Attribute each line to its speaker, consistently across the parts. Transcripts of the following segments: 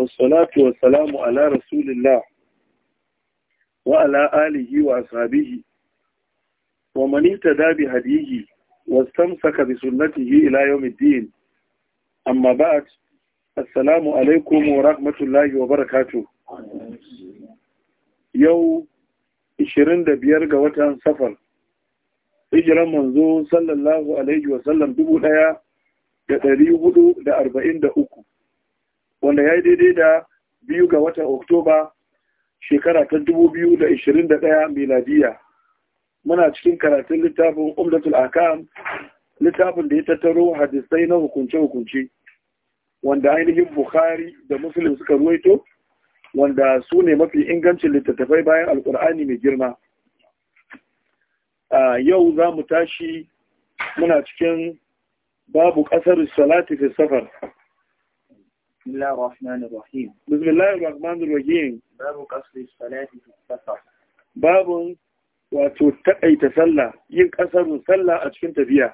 Speaker 1: wasalatu wasalamu ala rasulillah wa ala alihi wa ashabihi wa man ihtada bi hadihi wastamsaka bi sunnatihi ila yawmiddin amma ba'd assalamu alaikum wa rahmatullahi wa barakatuh yau 25 ga watan safar hijiran manzo sallallahu alaihi wa sallam dubu daya da dari hudu da arba'in da uku wanda ya yi daidai da biyu ga watan oktoba shekara ta 2021 miladiya muna cikin karatun littafin umdatul akam littafin da ya tattaro hadisai na hukunce-hukunce wanda ainihin bukhari da muslim suka ruwaito wanda su ne mafi ingancin littattafai bayan alkur'ani mai girma a yau za mu tashi muna cikin babu ƙasar salati fi safar بسم الله الرحمن الرحيم بسم الله الرحمن الرحيم باب قصر الصلاة في السفر باب wato takaita sallah yin kasarun sallah a cikin tafiya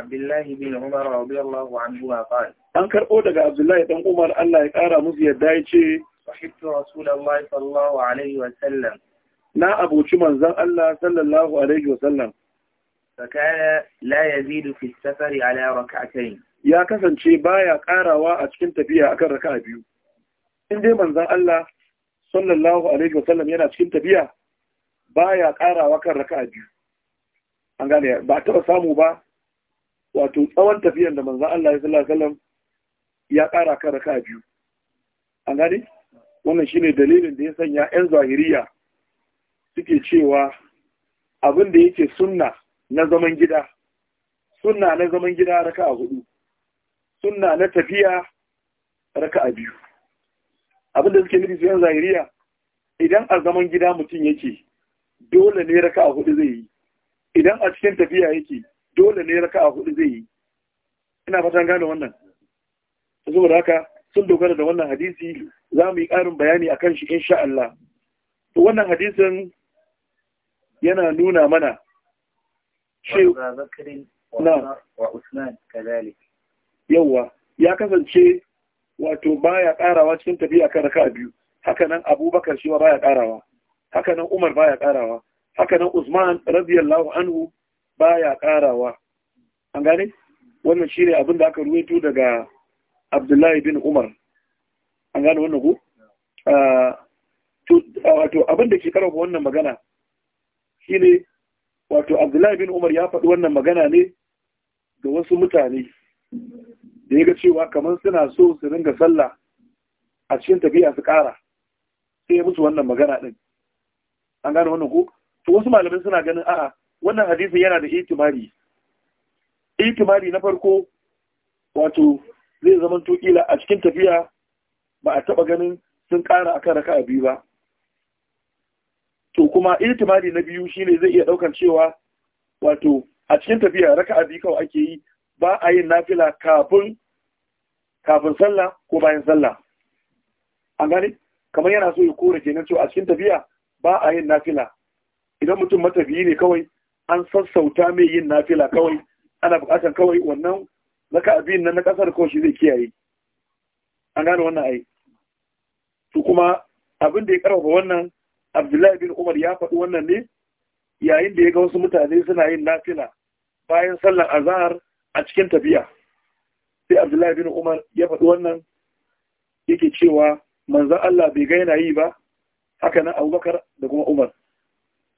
Speaker 1: Abdullahi bin Umar radiyallahu anhu ma qala an karɓo daga Abdullahi dan Umar Allah ya kara musu yadda ya ce sahibtu Rasulullahi sallallahu alaihi wa sallam na abuci manzon Allah sallallahu alaihi wa sallam fakana la yazidu fi safari ya kasance baya karawa a cikin tafiya akan raka'a biyu in dai manzon Allah sallallahu alaihi wasallam yana cikin tafiya baya karawa kan raka'a biyu an gane ba taba samu ba wato tsawon tafiyan da manzon Allah sallallahu alaihi wasallam ya kara kan raka'a biyu an gane wannan shine dalilin da ya sanya yan zahiriya suke cewa abin da yake sunna na zaman gida sunna na zaman gida raka'a hudu suna na tafiya raka a biyu abin da suke nufi su zahiriya idan a zaman gida mutum yake dole ne raka a hudu zai yi idan a cikin tafiya yake dole ne raka a hudu zai yi ina fatan gane wannan saboda haka sun dogara da wannan hadisi za mu yi ƙarin bayani a kan shi insha Allah to wannan hadisin yana nuna mana shi wa Usman kadalik Yauwa ya kasance wato baya karawa cikin tafiya kan raka biyu hakanan abubakar shi baya karawa hakanan umar baya karawa hakanan usman radiyallahu anhu baya karawa an gane wannan shine abin da aka ruwaito daga abdullahi bin umar an gane wannan ku ah, ah, wato abin da ke karawa wannan magana shine wato abdullahi bin umar ya faɗi wannan magana ne ga wasu mutane da ya ga cewa kamar suna so su ringa sallah a cikin tafiya su ƙara sai ya musu wannan magana ɗin an gane wannan ko to wasu malamin suna ganin a'a wannan hadisi yana da itimari itimari na farko wato zai zama tukila a cikin tafiya ba a taɓa ganin sun ƙara akan raka a biyu ba to kuma itimari na biyu shine zai iya ɗaukar cewa wato a cikin tafiya raka a biyu kawai ake yi ba a yin nafila kafin kafin sallah ko bayan sallah an gane kamar yana so ya kore kenan cewa a cikin tafiya ba a yin nafila idan mutum matafiyi ne kawai an sassauta mai yin nafila kawai ana bukatar kawai wannan raka abin nan na ƙasar kawai shi zai kiyaye an gane wannan ai to kuma abin da ya karfafa wannan abdullahi bin umar ya faɗi wannan ne yayin da ya ga wasu mutane suna yin nafila bayan sallar azahar a cikin tafiya sai abdullahi bin umar ya faɗi wannan yake cewa manzan Allah bai ga yana yi ba haka nan abubakar da kuma umar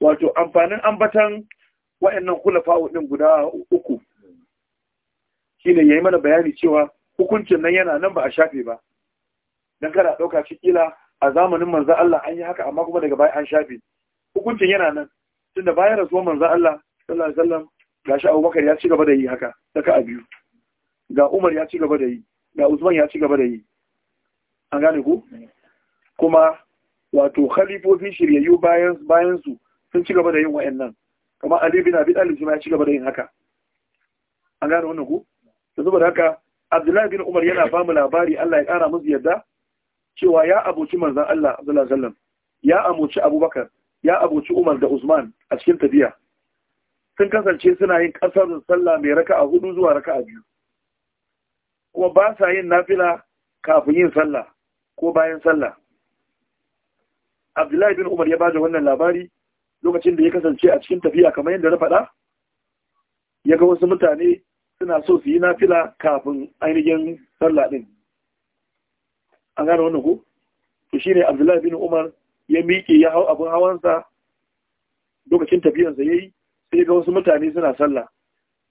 Speaker 1: wato amfanin ambatan wa'annan kulafa'u din guda uku shine yayi mana bayani cewa hukuncin nan yana nan ba a shafe ba dan kada ɗauka shi kila a zamanin manzan Allah an yi haka amma kuma daga baya an shafe hukuncin yana nan tunda bayan rasuwar manzan Allah sallallahu alaihi wasallam gashi abubakar ya ci gaba da yi haka saka a biyu ga umar ya ci gaba da yi ga usman ya ci gaba da yi an gane ku kuma wato khalifofin shiryayyu bayan su sun ci gaba da yin wa'annan, kamar ali bin abi talib ya ci gaba da yin haka an gane wannan ku da saboda haka abdullahi bin umar yana ba mu labari Allah ya kara musu yadda cewa ya aboci manzon Allah sallallahu alaihi wasallam ya amoci abubakar ya aboci umar da usman a cikin tafiya sun kasance suna yin ƙasar sallah mai raka a hudu zuwa raka a biyu kuma ba sa yin nafila kafin yin sallah ko bayan sallah abdullahi bin umar ya ba da wannan labari lokacin da ya kasance a cikin tafiya kamar yadda na faɗa ya ga wasu mutane suna so su yi nafila kafin ainihin sallah ɗin an gane wannan ko to shine abdullahi bin umar ya miƙe ya hau abin hawansa lokacin tafiyansa ya yi sai ga wasu mutane suna sallah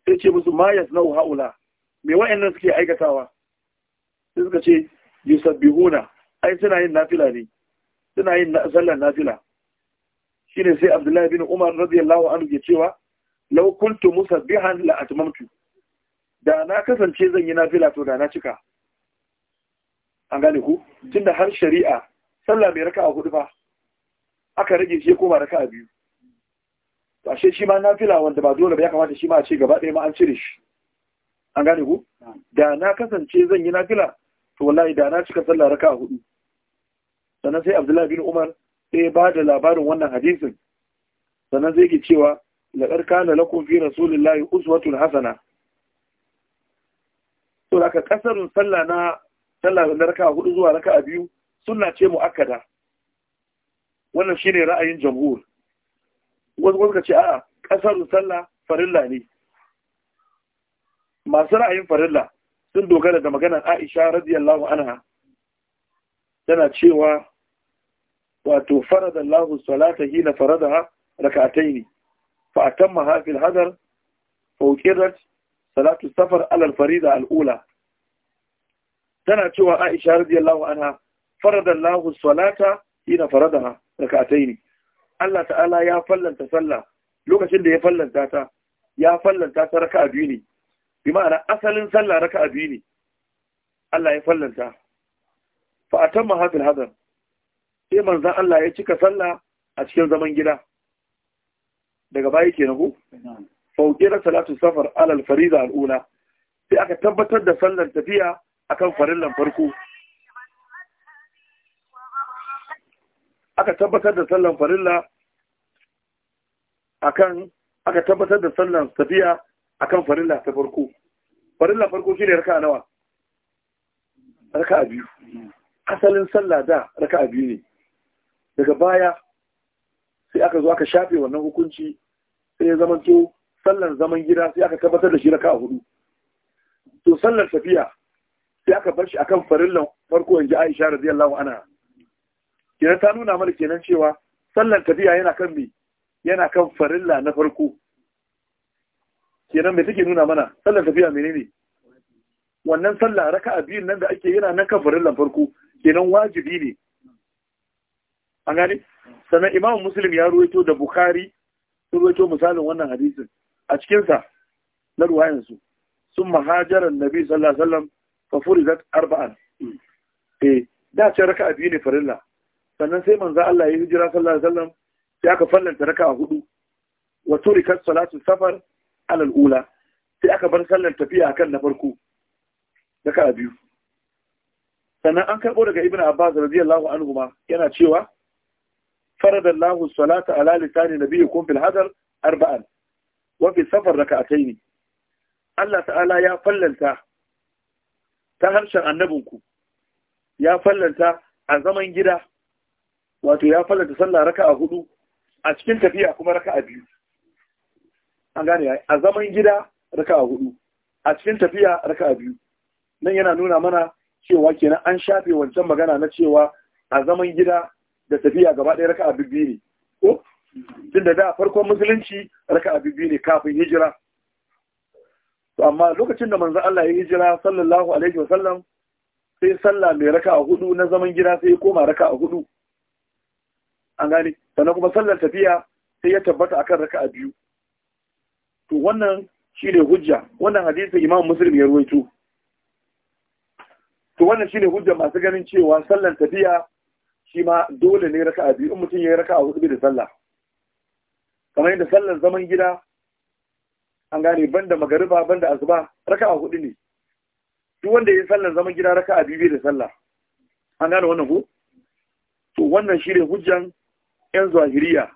Speaker 1: sai ce musu ma na haula me wa'annan suke aikatawa sai suka ce yusabbihuna ai suna yin nafila ne suna yin sallar nafila shine sai Abdullahi bin Umar radiyallahu anhu ke cewa law kuntu musabbihan la atmamtu da na kasance zan yi nafila to da na cika an gane ku tunda har shari'a sallah mai raka'a hudu fa aka rage shi koma raka'a biyu to ashe shi ma nafila wanda ba dole ba ya kamata shi ma a ce gaba ɗaya ma an cire shi an gane ku da na kasance zan yi nafila to wallahi da na cika sallah raka a hudu sannan sai abdullahi bin umar sai ba da labarin wannan hadisin sannan zai ke cewa laƙar kana lakum fi rasulullahi uswatul hasana to da ka kasarun sallah na sallah na raka hudu zuwa raka biyu sunna ce mu'akkada wannan shine ra'ayin jamhur wasu kuma ce a'a ƙasar sallah farilla ne masu ra'ayin farilla sun dogara da maganar Aisha radiyallahu anha tana cewa wato farada Allahu salata hina faradaha rak'atayn fa atammaha fil hadar fauƙirar salatu safar alal farida al'ula. tana cewa Aisha radiyallahu anha farada Allahu salata hina faradaha ne Allah ta'ala ya fallanta sallah lokacin da ya fallanta ta ya fallanta ta raka biyu ne bi ma'ana asalin sallah raka biyu ne Allah ya fallanta fa atamma hadal hadar sai manzon Allah ya cika sallah a cikin zaman gida daga baya kenan ko fauƙira salatu safar alal farida al'ula sai aka tabbatar da sallar tafiya akan farillan farko aka tabbatar da sallan farilla akan aka tabbatar da sallan safiya akan farilla ta farko farilla farko shine raka'a nawa raka'a biyu asalin sallah da raka'a biyu ne daga baya sai aka zo aka shafe wannan hukunci sai ya zama to sallan zaman gida sai aka tabbatar da shi raka'a hudu to sallar tafiya sai aka bar shi akan farillan farko in Aisha radiyallahu anha kenan ta nuna mana kenan cewa sallan tafiya yana kan me yana kan farilla na farko kenan me take nuna mana sallan tafiya menene wannan sallah raka'a biyun nan da ake yana nan kan farillan farko kenan wajibi ne an gane sannan imamu muslim ya ruwaito da bukhari sun ruwaito misalin wannan hadisin a cikinsa na ruwayansu sun mahajaran nabi sallallahu alaihi wasallam fa furizat arba'an eh da ce raka'a biyu ne farilla sannan sai manzo Allah ya hijira sallallahu alaihi wasallam sai aka fallanta a hudu wa turikat salatu safar ala sai aka bar sallar tafiya akan na farko a biyu sannan an karɓo daga ibn abbas radiyallahu anhu ma yana cewa faradallahu salata ala lisani nabiyyikum fil hadar arba'an wa fi safar raka'atayn Allah ta'ala ya fallanta ta harshen annabinku ya fallanta a zaman gida wato ya da sallah raka a hudu a cikin tafiya kuma raka a biyu an gane ya a zaman gida raka a hudu a cikin tafiya raka a biyu nan yana nuna mana cewa kenan an shafe wancan magana na cewa a zaman gida da tafiya gaba ɗaya raka a bibbi ne ko tun da da farkon musulunci raka a bibbi ne kafin hijira to amma lokacin da manzo Allah ya hijira sallallahu alaihi wa sallam sai sallah mai raka a hudu na zaman gida sai ya koma a hudu an gane sannan kuma sallar tafiya sai ya tabbata akan raka'a biyu to wannan shine hujja wannan hadisi Imam Muslim ya ruwaito to wannan shine hujja masu ganin cewa sallar tafiya shi ma dole ne raka'a biyu in mutum ya yi raka'a hudu da sallah kamar yadda sallar zaman gida an gane banda magariba banda asuba raka'a hudu ne duk wanda ya yi sallar zaman gida raka'a biyu da sallah an gane wannan ko to wannan shine hujjan 'yan zahiriya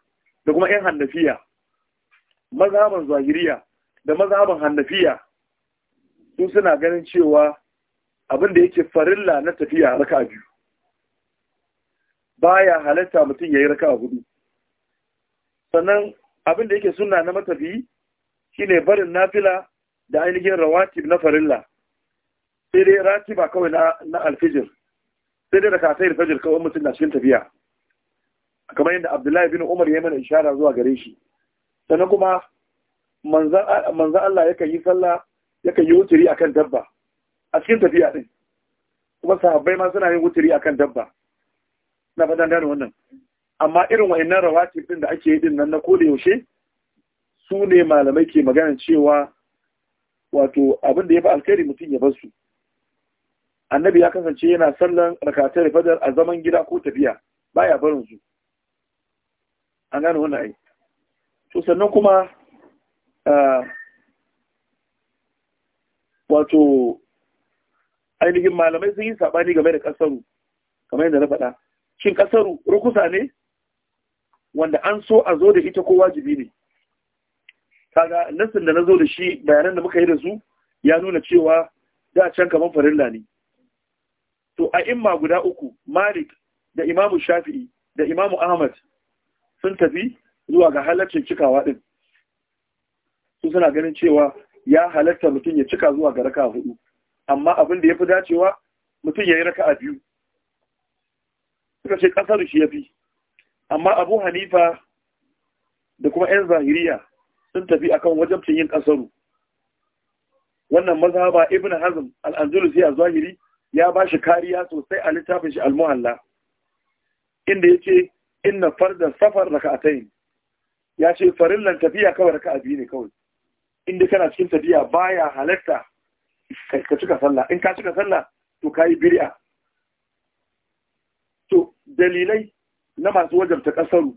Speaker 1: da kuma 'yan hannafiya mazhaban zahiriya da mazhaban hannafiya su suna ganin cewa abin da yake farilla na tafiya raka biyu baya halatta mutum yayi raka hudu sannan abin da yake suna na matafiyi shine barin nafila da ainihin rawatib na farilla sai dai ratiba kawai na alfijir sai dai rakatai alfijir kawai mutum na cikin tafiya kamar yadda Abdullahi bin Umar ya mana ishara zuwa gare shi sannan kuma manzan Allah yakan yi sallah yakan yi wuturi akan dabba a cikin tafiya din kuma sahabbai ma suna yin wuturi akan dabba na fadan gane wannan amma irin wa'annan rawatib din da ake yi din nan na koda yaushe su ne malamai ke magana cewa wato abin da ya fi alkhairi mutum ya bar su annabi ya kasance yana sallan rakatar fadar a zaman gida ko tafiya baya barin su an gane wannan ai to sannan kuma wato ainihin malamai sun yi saɓani game da ƙasaru kamar yadda na faɗa shin ƙasaru rukusa ne wanda an so a zo da ita ko wajibi ne kaga nasin da na zo da shi bayanan da muka yi da su ya nuna cewa da can kamar farilla ne to a imma guda uku malik da imamu shafi'i da imamu ahmad sun tafi zuwa ga halaccin cikawa ɗin. su suna ganin cewa ya halatta mutum ya cika zuwa ga raka hudu amma abin da ya fi dacewa mutum ya yi raka a biyu suka ce ƙasar shi ya fi amma abu hanifa da kuma 'yan zahiriya sun tafi akan cin yin ƙasaru. wannan mazhaba ibn hazm al-andalusi a zahiri ya ba shi kariya sosai a littafin shi al-muhalla inda yace inna fardan safar raka'atayn ya ce farillan tafiya kawai raka'a biyu ne kawai inda kana cikin tafiya baya halatta ka cika sallah in ka cika sallah to kayi bid'a to dalilai na masu wajen wajabta kasaru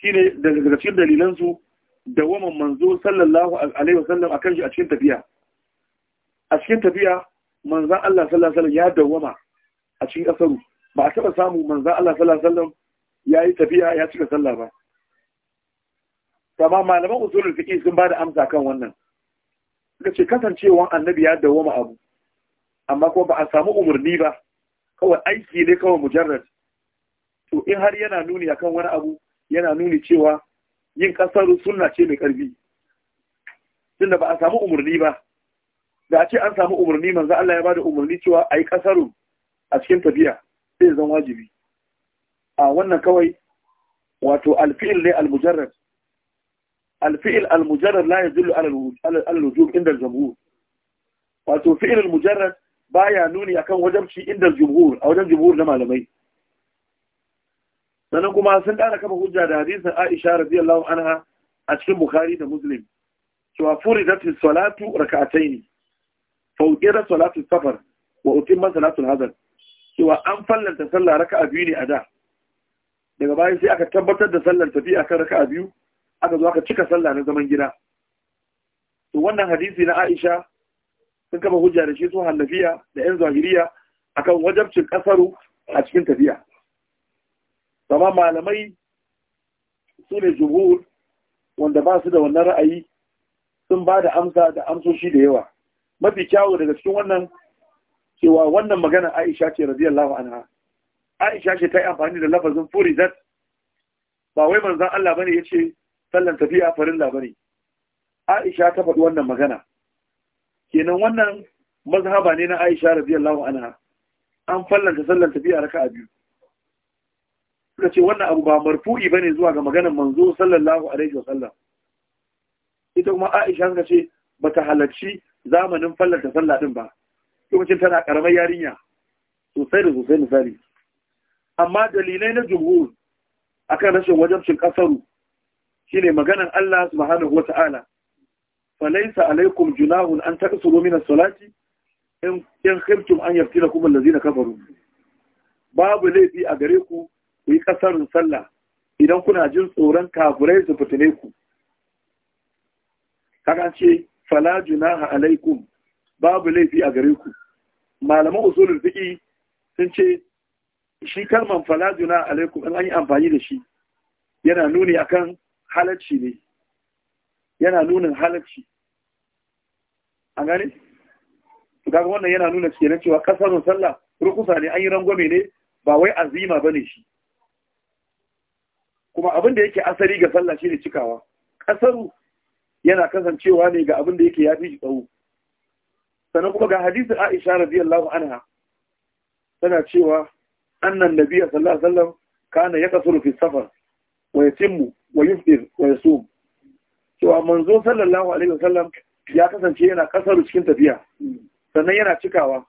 Speaker 1: shine daga cikin dalilan su da waman manzo sallallahu alaihi wasallam akan shi a cikin tafiya a cikin tafiya manzon Allah sallallahu alaihi wasallam ya dawama a cikin kasaru ba a taɓa samu manzan Allah sallallahu ya yi tafiya ya cika sallah ba amma malaman usulul fiqh sun ba da amsa kan wannan suka ce kasancewan annabi ya dawoma abu amma kuma ba a samu umarni ba kawai aiki ne kawai mujarrad to in har yana nuni akan wani abu yana nuni cewa yin kasar sunna ce mai karfi tunda ba a samu umarni ba da a ce an samu umarni manzo Allah ya bada umarni cewa ayi kasaru a cikin tafiya sai zan wajibi a wannan kawai wato alfi'il ne almujarrad alfi'il almujarrad la yadullu alal alwujub inda jumhur wato fi'il almujarrad baya nuni akan wajabci inda al-jumhur a wajen jumhur na malamai sannan kuma sun ƙara kafa hujja da hadisin Aisha radiyallahu anha a cikin Bukhari da Muslim cewa furidat salatu rak'atayn fa salatu safar wa utimma salatu al-hadar cewa an fallanta sallah raka'a biyu ne a da daga baya sai aka tabbatar da sallar tafiya kan raka'a biyu aka zo aka cika sallah na zaman gida to wannan hadisi na Aisha sun kama hujja da shi su hallafiya da yan zahiriya akan wajabcin kasaru a cikin tafiya amma malamai su ne jumhur wanda ba su da wannan ra'ayi sun ba da amsa da amsoshi da yawa mafi kyawu daga cikin wannan cewa wannan magana Aisha ce radiyallahu anha Aisha ce ta yi amfani da lafazin furizat ba wai manzon Allah bane yace sallan tafiya farilla bane Aisha ta faɗi wannan magana kenan wannan mazhaba ne na Aisha radiyallahu anha an fallanta sallan tafiya raka'a biyu suka ce wannan abu ba marfu'i bane zuwa ga maganar manzo sallallahu alaihi wasallam ita kuma Aisha suka ce bata halarci zamanin fallanta sallah din ba lokacin tana karamar yarinya sosai da sosai misali amma dalilai na jumhur akan rashin wajabcin kasaru shine maganan Allah subhanahu wata'ala falaysa alaykum junahun an taqsuru min as-salati in in khiftum an yaftinakum allazina kafaru babu laifi a gare ku ku yi kasarun sallah idan kuna jin tsoron kafirai su fitine ku kaga ce fala junaha alaikum babu laifi a gare ku malaman usulul fiqi sun ce shi kalman falajuna alaikum in an yi amfani da shi yana nuni akan halacci ne yana nunin halacci an gane kaga wannan yana nuna kenan cewa kasarun sallah rukusa ne an yi rangwame ne ba wai azima bane shi kuma abin da yake asali ga sallah shine cikawa kasaru yana kasancewa ne ga abin da yake yafi shi tsawo sannan kuma ga hadisin Aisha radiyallahu anha tana cewa annan nabiyya sallallahu alaihi wasallam kana yaqsuru fi safar wa yatimmu wa yufdir wa yasum cewa manzo sallallahu alaihi wasallam ya kasance yana kasaru cikin tafiya sannan yana cikawa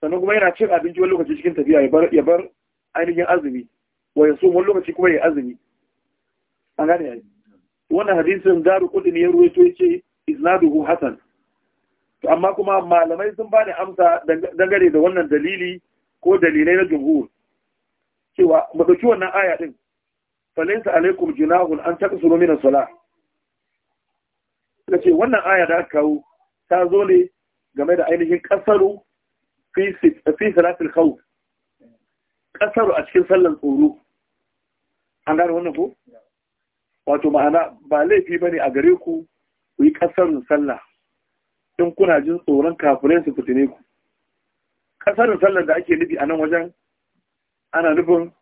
Speaker 1: sannan kuma yana cin abinci wani lokaci cikin tafiya ya bar ainihin azumi wa ya wani lokaci kuma ya azumi an gane yayi wannan hadisin daru kudi ne ya ruwaito yace isnaduhu hasan amma kuma malamai sun ba da amsa dangare da wannan dalili ko dalilai na jumhur cewa mu wannan aya din falaysa alaikum junahun an taqsuru min as-salah kace wannan aya da aka kawo ta zo ne game da ainihin kasaru fi fi salatil khawf kasaru a cikin sallan tsoro an gane wannan ko wato ma'ana ba laifi bane a gare ku ku yi kasarun sallah in kuna jin tsoron kafirai su fitine ku kasarin sallar da ake nufi a nan wajen ana nufin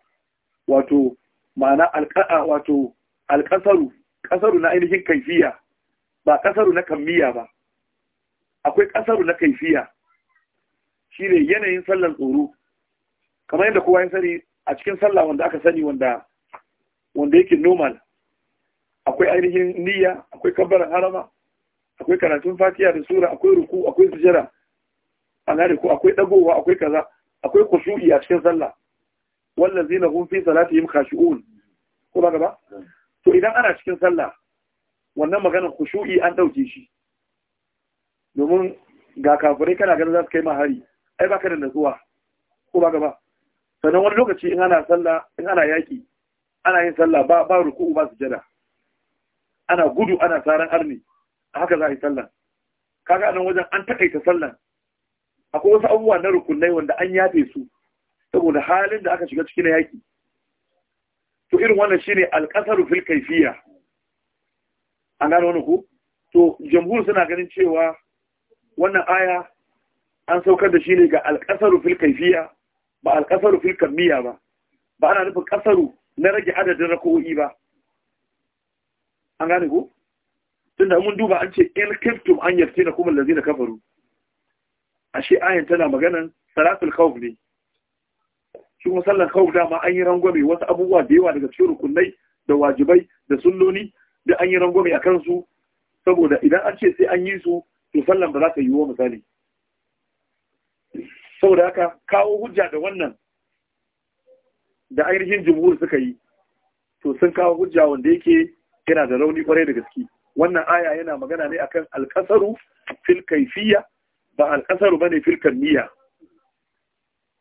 Speaker 1: wato ma'ana alƙa'a wato alƙasaru ƙasaru na ainihin kaifiya ba ƙasaru na kammiya ba akwai ƙasaru na kaifiya shine yanayin sallar tsoro kamar yadda kowa ya sani a cikin sallah wanda aka sani wanda wanda yake normal akwai ainihin niyya akwai kabbaran harama akwai karatun fatiya da sura akwai ruku akwai sujada ana ku. akwai dagowa akwai kaza akwai khushu'i a cikin sallah wallazina hum fi salatihim khashu'un ko ba gaba to idan ana cikin sallah wannan maganar khushu'i an dauke shi domin ga kafirai kana ganin za su kai mahari ai baka da nutsuwa. ko ba gaba sannan wani lokaci in ana sallah in ana yaki ana yin sallah ba ba ruku'u ba sujada ana gudu ana saran arni haka za a yi sallah kaga nan wajen an takaita sallah akwai wasu abubuwa na rukunai wanda an yafe su saboda halin da aka shiga cikin yaki to irin wannan shine alqasaru fil kayfiyya an gano wani ku to jamhur suna ganin cewa wannan aya an saukar da shi ne ga alƙasaru fil kaifiya ba alƙasaru fil kammiya ba ba ana nufin ƙasaru na rage adadin rako'i ba an gane ku tunda mun duba an ce in kiftum an na kuma lazina kafaru ashe ayan tana maganan salatul khawf ne shi kuma sallar khawf dama an yi rangwame wasu abubuwa da yawa daga cikin rukunai da wajibai da sunnoni da an yi rangwame a kansu saboda idan an ce sai an yi su to sallan ba za ta yi wa misali saboda haka kawo hujja da wannan da ainihin jumhur suka yi to sun kawo hujja wanda yake yana da rauni kwarai da gaske wannan aya yana magana ne akan alkasaru fil kaifiyya ba alkasaru bane fil kamiyya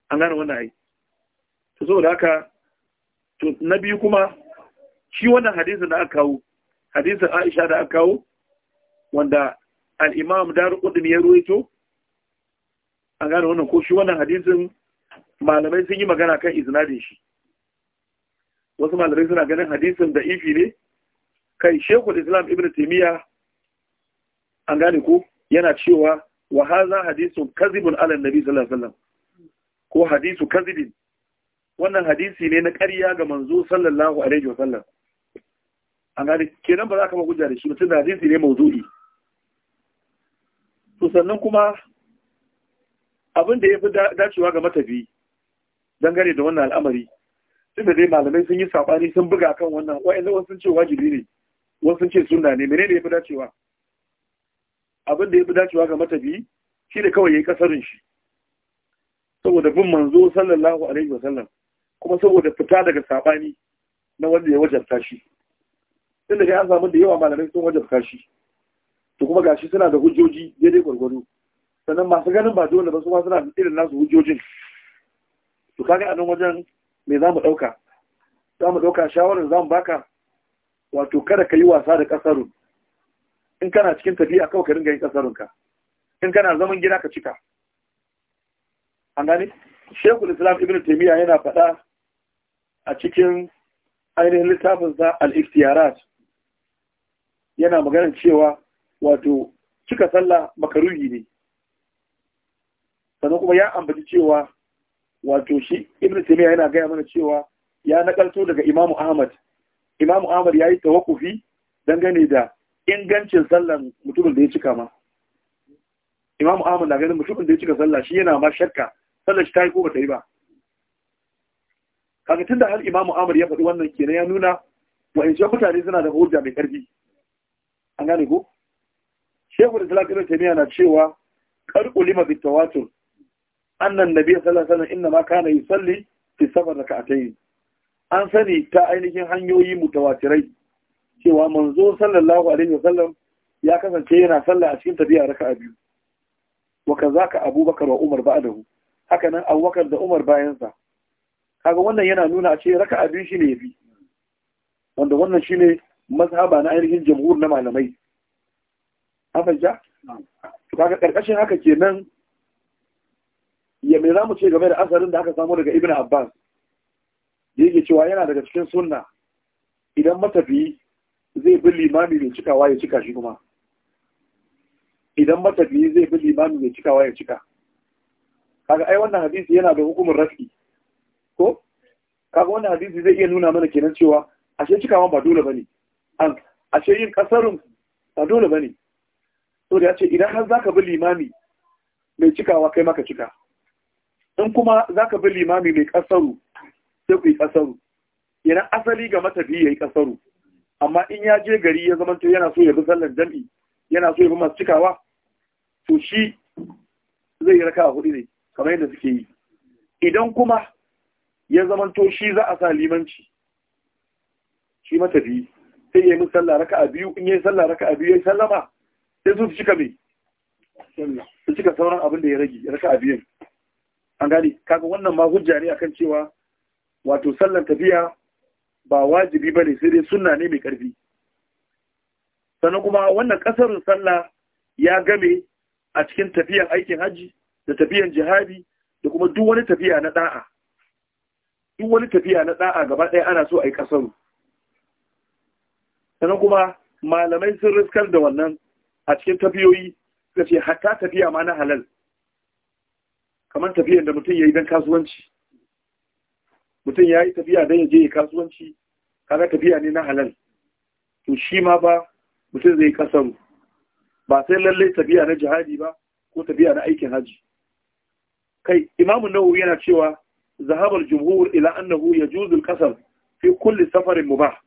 Speaker 1: an gane wannan ai to saboda haka to na biyu kuma shi wannan hadisin da aka kawo hadisin Aisha da aka kawo wanda al-Imam Daruqutni ya ruwaito an gane wannan ko shi wannan hadisin malamai sun yi magana kan iznadin shi wasu malamai suna ganin hadisin da ifi ne kai shekul islam ibn timiya an gane ku yana cewa wa haza hadisun kazibun ala nabi sallallahu alaihi wasallam ko hadisu kazibin wannan hadisi ne na ƙarya ga manzo sallallahu alaihi wasallam an gane kenan ba za ka ba da shi mutum hadisi ne mawdu'i to sannan kuma abin da ya fi dacewa ga matafi dangane da wannan al'amari da dai malamai sun yi saɓani sun buga kan wannan wa'in sun ce wajibi ne wasu ce sunna ne menene yafi dacewa abin da fi dacewa ga matafi shi da kawai yayi kasarin shi saboda bin manzo sallallahu alaihi wasallam kuma saboda fita daga sabani na wanda ya wajabta shi inda kai an samu da yawa malamai sun wajabta shi to kuma gashi suna da hujjoji daidai gwargwado sannan masu ganin ba dole ba su ma suna da irin nasu hujjojin to kaga a nan wajen me za mu ɗauka za mu ɗauka shawarar za mu baka wato kada ka yi wasa da ƙasarun, in kana cikin tafiya kawai ka ringa yin kasarunka in kana zaman gida ka cika an gane shekul islam ibn taimiyya yana faɗa a cikin ainihin littafinsa al-iftiyarat yana maganar cewa wato cika sallah makaruhi ne sannan kuma ya ambaci cewa wato shi ibn taimiyya yana gaya mana cewa ya nakalto daga imamu ahmad Imam Ahmad ya yi tawakufi dangane da ingancin sallan mutumin da ya cika ma. Imam Ahmad na ganin mutumin da ya cika sallah shi yana ma shakka sallar shi ta yi ko ba ta yi ba. Kaga da har Imam Ahmad ya faɗi wannan kenan ya nuna wa'ancan mutane suna da hujja mai ƙarfi. An gane ko? Shehu da Talakar Tamiya na cewa lima bi tawatur annan nabi sallallahu alaihi wasallam inna ma kana yusalli fi sabr rak'atayn an sani ta ainihin hanyoyi mutawatirai cewa manzo sallallahu alaihi wasallam ya kasance yana sallah a cikin tafiya raka'a biyu wa kazaka abubakar wa umar ba'dahu haka nan abubakar da umar bayansa kaga wannan yana nuna ce raka'a biyu shine yafi wanda wannan shine mazhaba na ainihin jamhur na malamai an fahimta kaga karkashin haka kenan ya me zamu ce game da asarin da aka samu daga ibnu abbas da yake cewa yana daga cikin sunna idan matafi zai bi limami mai cikawa ya cika shi kuma idan matafi zai bi limami mai cikawa ya cika kaga ai wannan hadisi yana da hukumin rafi ko kaga wannan hadisi zai iya nuna mana kenan cewa ashe cikawa ba dole bane an ashe yin kasarun ba dole bane to da yace idan har zaka bi limami mai cikawa kai maka cika in kuma zaka bi limami mai kasaru sai ku yi kasaru idan asali ga matafi ya yi kasaru amma in ya je gari ya zama yana so ya bi sallar jam'i yana so ya bi masu cikawa to shi zai yi raka a hudu ne kamar yadda suke yi idan kuma ya to shi za a sa limanci shi matafi sai ya yi sallah raka a biyu in ya yi sallah raka a biyu ya yi sallama sai su cika mai su cika sauran abin da ya rage raka a biyun an gane kaga wannan ma hujja ne akan cewa wato sallar tafiya ba wajibi bane sai dai sunna ne mai karfi sannan kuma wannan kasarin sallah ya game a cikin tafiyan aikin haji da tafiyan jihadi da kuma duk wani tafiya na da'a duk wani tafiya na da'a gaba ɗaya ana so a yi kasaru sannan kuma malamai sun riskar da wannan a cikin tafiyoyi suka ce hatta tafiya ma na halal kamar tafiyan da mutum ya yi don kasuwanci mutum ya yi tafiya don ya je kasuwanci kaga tafiya ne na halal to shi ma ba mutum zai kasaru ba sai lallai tafiya na jihadi ba ko tafiya na aikin haji kai imamu nawawi yana cewa zahabar jumhur ila annahu yajuzu al-qasar fi kulli safarin ba.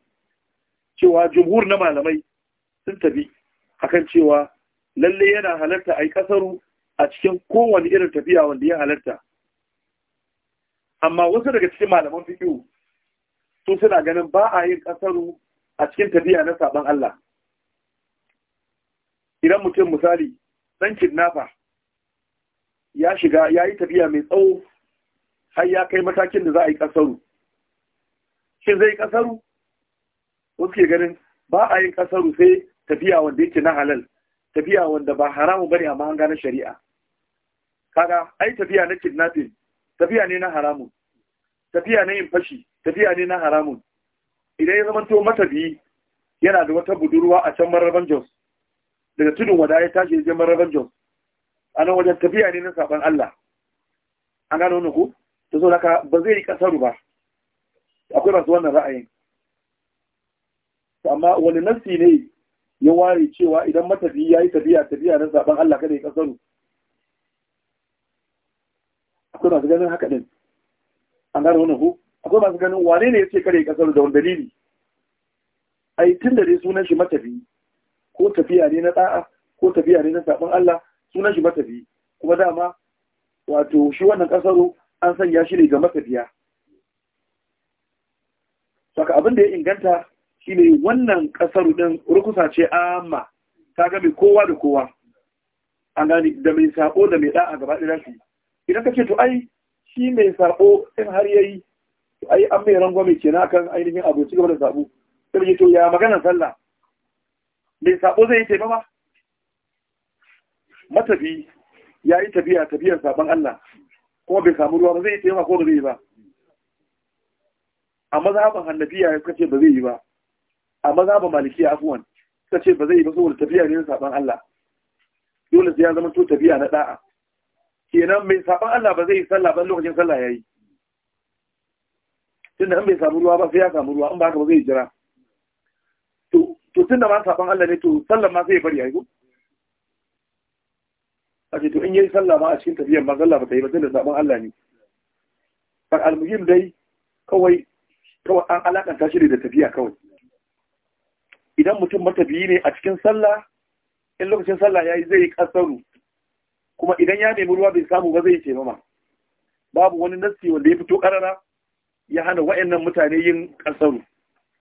Speaker 1: cewa jumhur na malamai sun tafi akan cewa lallai yana halarta ai kasaru a cikin kowane irin tafiya wanda ya halarta amma wasu daga cikin malaman fiqh su suna ganin ba a yin kasaru a cikin tafiya na saban Allah idan mutum misali dan kidnapper ya shiga ya yi tafiya mai tsawo har ya kai matakin da za a yi kasaru shin zai kasaru wasu ke ganin ba a yin kasaru sai tafiya wanda yake na halal tafiya wanda ba haramu bane amma an gane shari'a kaga ai tafiya na kidnapping tafiya ne na haramun tafiya ne yin fashi tafiya ne na haramun idan ya zamanto matabi yana da wata budurwa a can mararban jos daga tudun wada ya tashi je mararban jos a nan wajen tafiya ne na saban Allah an gano wani ku ta so daga ba zai yi kasaru ba akwai masu wannan ra'ayin amma wani nasi ne ya ware cewa idan matabi ya yi tafiya tafiya na saban Allah kada ya kasaru akwai masu ganin haka din an gane wani ku akwai masu ganin wane ne ya ce kare ƙasar da wani dalili yi tun da dai sunan shi matafi ko tafiya ne na ɗa'a ko tafiya ne na sabon Allah sunan shi matafi kuma dama wato shi wannan ƙasar an sanya shi ne ga matafiya saka abin da ya inganta shi ne wannan ƙasar din rukusa ce amma ta mai kowa da kowa an gani da mai saƙo da mai ɗa'a gaba ɗaya shi idan ka ce to ai shi mai sabo in har yayi to ai an mai rangwame kenan akan ainihin abu ci gaba da sabo sai to ya magana sallah mai sabo zai yi taimama matafi ya yi tafiya tafiyar sabon Allah kuma bai samu ruwa ba zai yi ma ko ba zai yi ba a mazhaban hannabiya ya kace ba zai yi ba a mazhaban malikiya afuwan suka ce ba zai yi ba saboda tafiya ne na sabon Allah dole sai ya zama to tafiya na da'a kenan mai saban Allah ba zai yi sallah ba lokacin sallah yayi tunda in bai samu ruwa ba sai ya samu ruwa in ba haka ba zai jira to to tunda ma saban Allah ne to sallah ma sai ya bari yi ko ake to in yi sallah ma a cikin tafiyar ma sallah ba ta yi ba tunda saban Allah ne fa almuhim dai kawai kawai an alakanta shi da tafiya kawai idan mutum matafiyi ne a cikin sallah in lokacin sallah yayi zai yi kasaru kuma idan ya nemi ruwa bai samu ba zai ce mama babu wani nassi wanda ya fito karara ya hana wa'annan mutane yin kasaru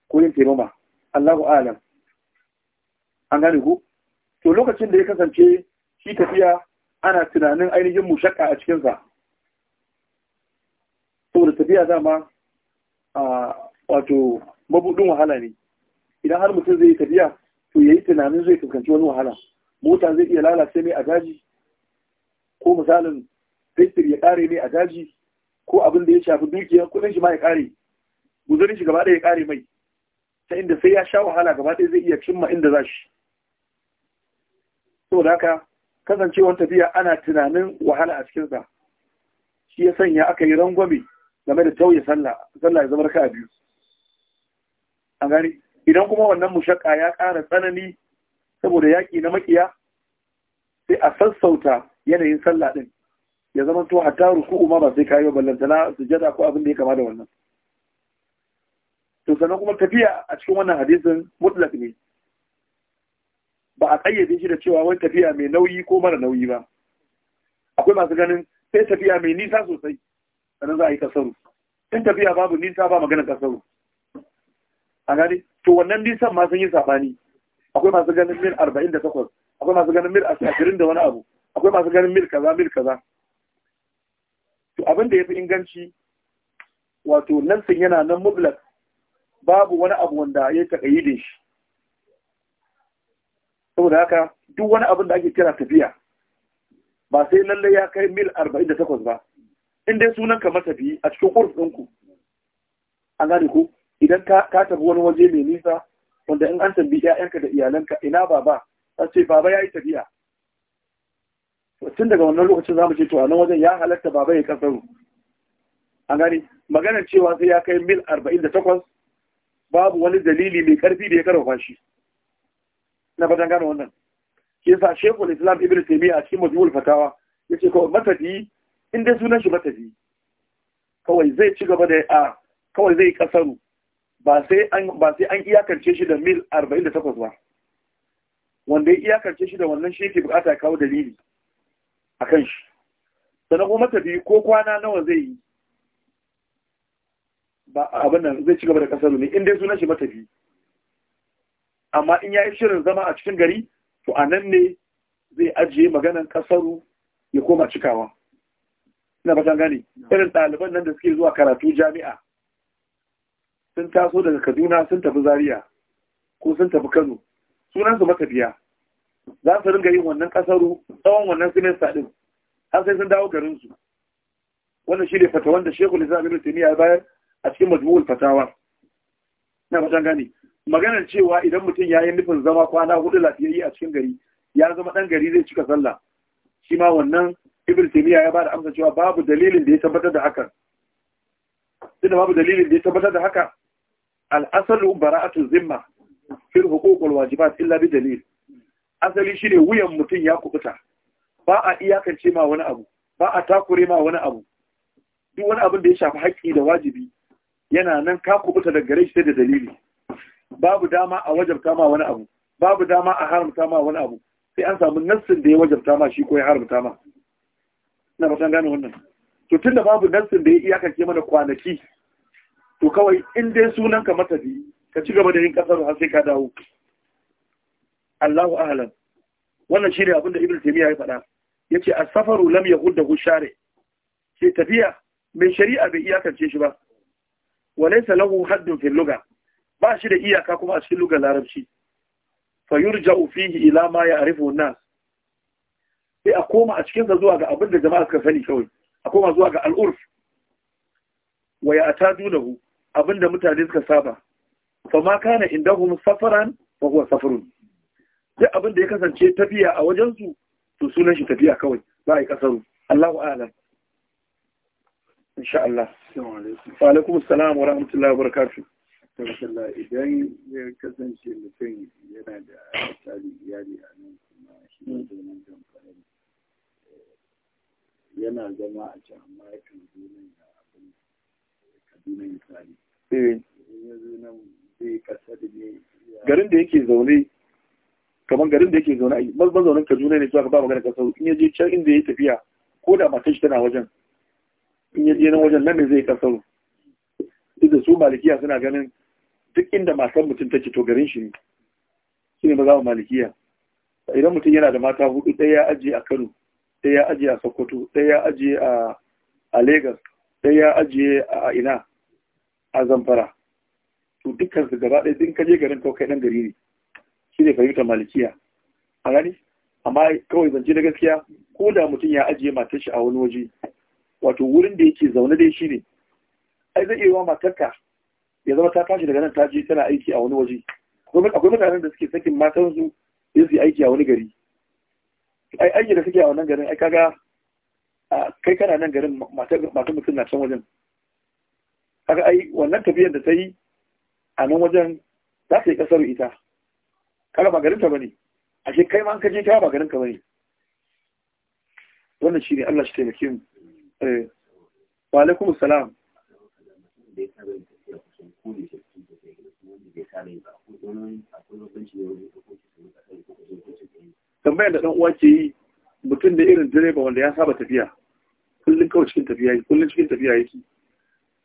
Speaker 1: ko yin taimama Allahu alam an gane ku to lokacin da ya kasance shi tafiya ana tunanin ainihin mushakka a cikin sa saboda tafiya dama a wato mabudin wahala ne idan har mutum zai tafiya to yayi tunanin zai fuskanci wani wahala mota zai iya lalace mai a daji ko misalin fetur ya kare mai a daji ko abin da ya shafi dukiyar kudin shi ma ya kare guzurin shi gaba ɗaya ya kare mai ta inda sai ya sha wahala gaba ɗaya zai iya cimma inda za shi saboda haka kasancewar tafiya ana tunanin wahala a cikinsa shi ya sanya aka yi rangwame game da tauye sallah sallah ya zama raka biyu an gani idan kuma wannan mushakka ya ƙara tsanani saboda yaƙi na makiya sai a sassauta yanayin sallah din ya zama to hatta ruku'u ma ba sai kayi ba na sujada ko abin da ya kama da wannan to sannan kuma tafiya a cikin wannan hadisin mutlaq ne ba a kayyade shi da cewa wani tafiya mai nauyi ko mara nauyi ba akwai masu ganin sai tafiya mai nisa sosai sannan za a yi kasaru in tafiya babu nisa ba maganar kasaru a gani to wannan nisan ma sun yi sabani akwai masu ganin mil arba'in da takwas akwai masu ganin mil ashirin da wani abu akwai masu ganin mil kaza mil kaza to abin da yafi inganci wato nansin yana nan mublak babu wani abu wanda ya yi da shi saboda haka duk wani abin da ake kira tafiya ba sai lalle ya kai mil arba'in da 48 ba in dai sunan ka matafi a cikin kurs ɗinku an gane ku idan ka tafi wani waje mai nisa wanda in an tambi 'ya'yanka da iyalanka ina baba ta ce baba ya yi tafiya tun daga wannan lokacin za mu ce to a nan wajen ya halatta baba ya kasaru an gani maganar cewa sai ya kai mil arba'in da takwas babu wani dalili mai karfi da ya karfafa shi na fatan gano wannan shi yasa shekul islam ibn taymiya a cikin majmu'ul fatawa yace kawai matafi in dai sunan shi matafi kawai zai ci gaba da a kawai zai kasaru ba sai an ba sai an iyakance shi da mil 48 ba wanda ya iyakance shi da wannan shi yake bukata kawo dalili a kan shi sannan kuma tafi ko kwana nawa zai yi ba abin nan zai ci da kasar ne in dai shi matafi amma in ya yi shirin zama a cikin gari to a nan ne zai ajiye maganan kasaru ya koma cikawa ina ba gane irin ɗaliban nan da suke zuwa karatu jami'a sun taso daga kaduna sun tafi zaria ko sun tafi kano sunansu matafiya za su ringa yin wannan kasaru tsawon wannan sinin din har sai sun dawo garin su wannan shi ne fatawan da shekul a ibn taymiya ya bayar a cikin majmu'ul fatawa na fatan gani. maganar cewa idan mutum ya yi nufin zama kwana hudu lafiyayye a cikin gari ya zama dan gari zai cika sallah shi ma wannan ibn taymiya ya bada amsa cewa babu dalilin da ya tabbatar da haka tunda babu dalilin da ya tabbatar da haka al-asalu bara'atu zimma fil huquq wal wajibat illa bi dalil asali shi ne wuyan mutum ya kubuta ba a iyakance ma wani abu ba a takure ma wani abu duk wani abin da ya shafi haƙƙi da wajibi yana nan ka kubuta daga gare shi da dalili babu dama a wajabta ma wani abu babu dama a haramta ma wani abu sai an samu nassin da ya wajabta ma shi ko ya haramta ma Ina fatan gane wannan to tunda babu nassin da ya iyakance mana kwanaki to kawai in dai sunan ka matafi ka ci gaba da yin kasar har sai ka dawo Allahu a'lam wannan shine abin da Ibn Taymiyyah ya faɗa yace as-safaru lam yahuddahu shari Ke tafiya mai shari'a bai iyakance shi ba laysa lahu haddun fil lugha ba shi da iyaka kuma a cikin lugar larabci fa yurja'u fihi ila ma ya'rifu an-nas sai a koma a cikin zuwa ga abin da jama'a suka sani kawai a koma zuwa ga al'urf wa ya ta dunahu abin mutane suka saba fa ma kana indahum safaran fa huwa safarun duk abin da ya kasance tafiya a wajensu to sunan shi tafiya kawai ba a yi ƙasaru. Allahu a'lam insha Allah wa alaikum assalam wa rahmatullahi wa barakatuh tabbata idan ya kasance mutum yana da tsari iyali a nan kuma shi ne domin jamfara eh, yana zama a can amma ya kan zo nan da abin kaduna misali eh ya zo nan zai kasa da ne garin da yake zaune kamar garin da yake zaune a mazaunin kaduna ne zuwa ba magana kasar in ya je can inda ya tafiya ko da matan shi tana wajen in ya je nan wajen nan ne zai kasar inda su malikiya suna ganin duk inda matan mutum take to garin shi ne shi ne maza malikiya idan mutum yana da mata hudu ɗaya ya ajiye a kano ɗaya ya ajiye a sokoto ɗaya ya ajiye a lagos ɗaya ya ajiye a ina a zamfara to dukkan su gaba ɗaya din kaje garin kawai kai ɗan gari ne shi ne fahimtar malikiya a gani amma kawai zance na gaskiya ko da mutum ya ajiye matar shi a wani waje wato wurin da yake zaune dai shi ne ai zai iya yi wa matarka ya zama ta tashi daga nan ta je tana aiki a wani waje akwai mutanen da suke sakin matansu su su aiki a wani gari ai aiki da suke a wannan garin ai kaga kai kana nan garin matan mutum na can wajen kaga ai wannan tafiyar da ta yi a nan wajen za ta yi kasar ita kaga ba garinta bane ashe kai ma an kaje ta ba garinka bane wannan shine Allah shi taimake mu eh wa alaikum salam tambayar da dan uwa ke yi mutum da irin direba wanda ya saba tafiya kullum kawai cikin tafiya yake kullum cikin tafiya yake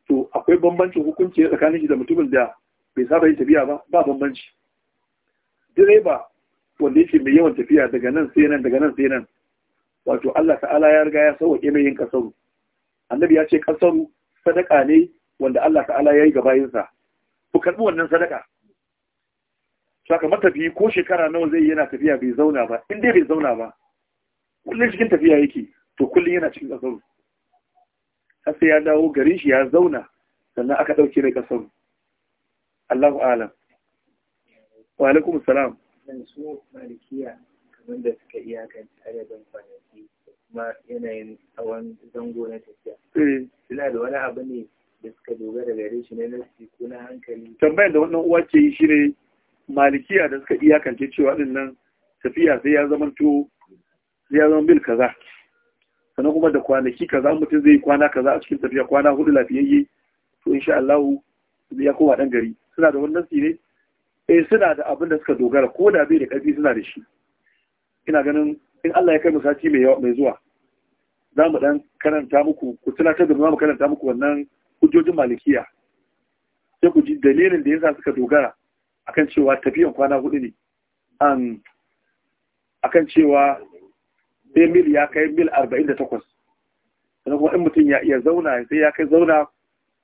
Speaker 1: to akwai bambancin hukunci tsakanin shi da mutumin da bai saba yin tafiya ba ba bambanci direba wanda yake mai yawan tafiya daga nan sai nan daga nan sai nan wato Allah ta'ala ya riga ya sauke mai yin kasaru annabi ya ce kasaru sadaka ne wanda Allah ta'ala ya yi ga bayinsa ku karbi wannan sadaka saka matafi ko shekara nawa zai yana tafiya bai zauna ba in dai bai zauna ba kullum cikin tafiya yake to kullum yana cikin kasaru Asa sai ya dawo garin shi ya zauna sannan aka ɗauke mai kasaru Allahu alam wa alaikum salam Zan su malikiya kamar da suka iyakance adadin kwanaki kuma yanayin tsawon zango na tafiya eh. suna da wani abu ne da suka dogara gare shi na nasi ko na hankali tambayar da wannan uwa ce yi shi ne malikiya da suka iyakance cewa din nan tafiya sai ya zama to ya zama bil kaza sannan kuma da kwanaki kaza mutum zai kwana kaza a cikin tafiya kwana hudu lafiyayye to insha Allah ya koma dan gari suna da wannan nasi ne eh suna da abin da suka dogara ko da bai da ƙarfi suna da shi ina ganin in Allah ya kai mu sati mai mai zuwa za mu dan karanta muku ku tunatar da mu za mu karanta muku wannan hujjojin malikiya sai ku ji dalilin da yasa suka dogara akan cewa tafiyan kwana hudu ne an akan cewa bai mil ya kai mil 48 sannan kuma in mutum ya iya zauna sai ya kai zauna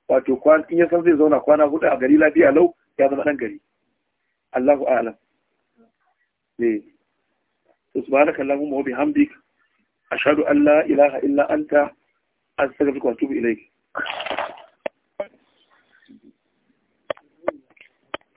Speaker 1: wato in ya san zai zauna kwana hudu a gari lafiya lau ya zama dan gari Allahu a'lam eh subhanaka allahumma wa bihamdik ashhadu an la ilaha illa anta astaghfiruka wa atubu